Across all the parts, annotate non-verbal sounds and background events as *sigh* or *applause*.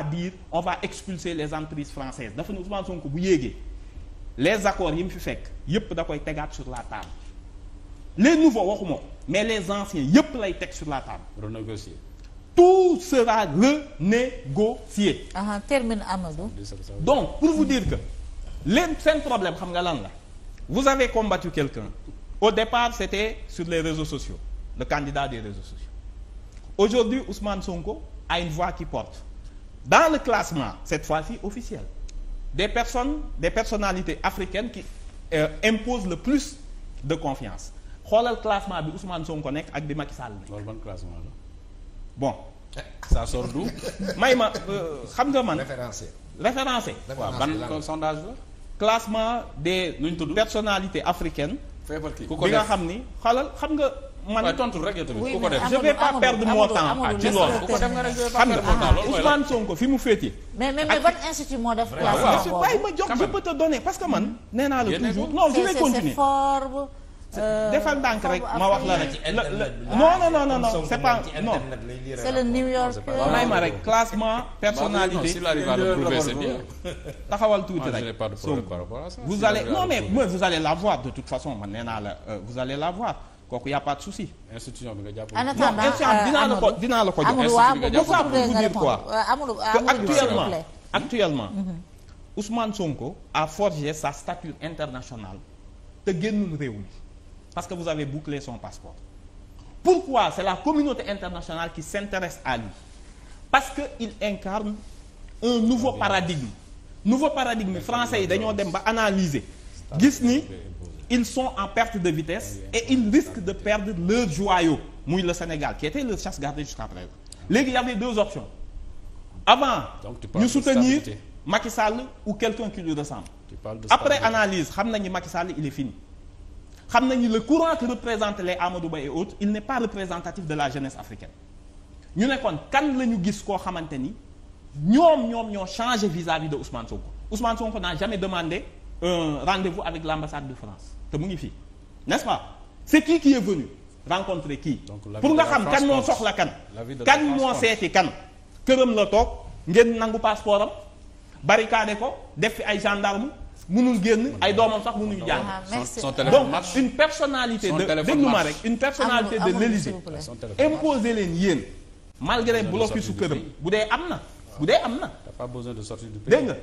à dire on va expulser les entreprises françaises dafa ne son Sonko bu yéegee les accords yi m fi fekk yépp da koy tegaat sur la table les nouveaux waxuma ko mais les anciens yépp lay teg sur la table. renégocier. tout sera renégocié. ah termine Amadou. donc pour vous dire que leen seen problème xam nga lan la vous avez combattu quelqu'un au départ c'était sur les réseaux sociaux le candidat des réseaux sociaux aujourd'hui Ousmane Sonko a une dans le classement cette fois-ci officiel des personnes des personnalités africaines qui euh, imposent le plus de confiance xoolal classement bi Ousmane Sonko nekk ak bi Macky Sall nekk. loolu ban bon eh, ça sort d'où *laughs* may ma euh, xam nga man. référencé référencé. waaw ban sondage la. classement des. nu ñu tudd personnalités africaines. feebar kii ku ko bi nga xam ni xoolal xam nga. man tontu rek yow tamit ku ko def je vais pas perdre mon temps ci loolu ku Sonko fi mu féete. mais mais mais ban institut moo def. te donner parce que man. nee naa la toujours non je vais continuer. defal ndànk rek euh, ma wax la rek. non non non non non c'est pas non. c'est le New York. Euh, may ma rek classement personnalité. taxawal tuuti ah, rek. Sonko vous allez non mais vous allez la voir de toute façon man nee naa la euh, vous allez la voir. kooku y' a pas de souci. institution bi nga jàpp en attendant dinaa la ko euh, dinaa la ko jox. institution pour vous dire quoi euh, euh, que actuellement actuellement. Mm-hmm. Ousmane Sonko a forgé sa stature internationale te génnul réew mi parce que vous avez bouclé son passeport. pourquoi c'est la communauté internationale qui s'intéresse à lui parce que il incarne un nouveau paradigme nouveau paradigme français yi dañoo dem ba analyser gis ni ils sont en perte de vitesse et ils risquent de perdre leur joyau muy le Sénégal qui était leur chasse gardée jusqu'à présent léegi y avait deux options avant ñu soutenir Macky Sall ou quelqu'un qui lui après analyse xam nañu Macky Sall il est fini xam nañu le courant que représentent les Amadou Ba et autres il n'est pas représentatif de la jeunesse africaine ñu ne kon kan la ñu gis koo xamante ni ñoom ñoom ñoo changé vis-à-vis de Ousmane Sonko Ousmane Sonko n'a demandé un rendez-vous avec l'ambassade de France te mu ngi fii n'est-ce pas c'est kii qui est venu rencontrer pour nga xam kan moo soxla kan kan moo seeti kan këram la toog ngeen nangu passeport am barricade ko def fi ay gendarme mënul génn ay doomam sax mënuñu jàng ah, donc une personnalité de déglu ma rek une personnalité de l'Élysée imposer leen yéen malgré bloqué su këram bu dee am na bu dee am na dégg nga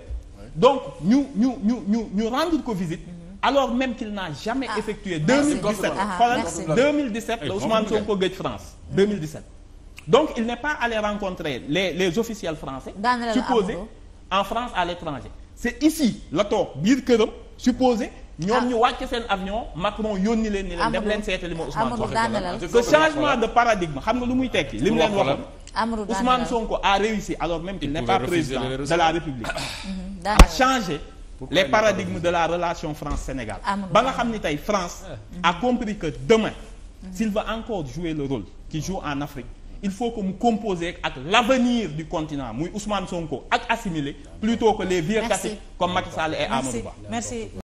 donc ñu ñu ñu ñu ñu rendre ko visite. Mhm. alors même qu'il n'a jamais ah, effectué. 2017 xoolal 2017 la Ousmane Sonko gëj France 2017. Mhm. donc il n'est pas allé rencontrer les les officiels français. supposé en France à l'étranger c'est ici la toog biir këram supposé. ñoom ah. ñu wàcc seen avion Macron yónni leen ni leen dem leen seetali ma Ousmane Sonko ah, ce xam nga lu muy tekki li mu leen waxoon Ousmane Sonko a réussi alors même qu'il n'est pas président de la République *coughs* mhm, a changé les paradigmes de la relation France-Sénégal ba nga xam ni tey France a compris que demain s'il veut encore jouer le rôle qu'il joue en Afrique il faut que mu composer ak l'avenir du continent muy Ousmane Sonko ak assimilé plutôt que les vieux classiques comme Macky et Amadou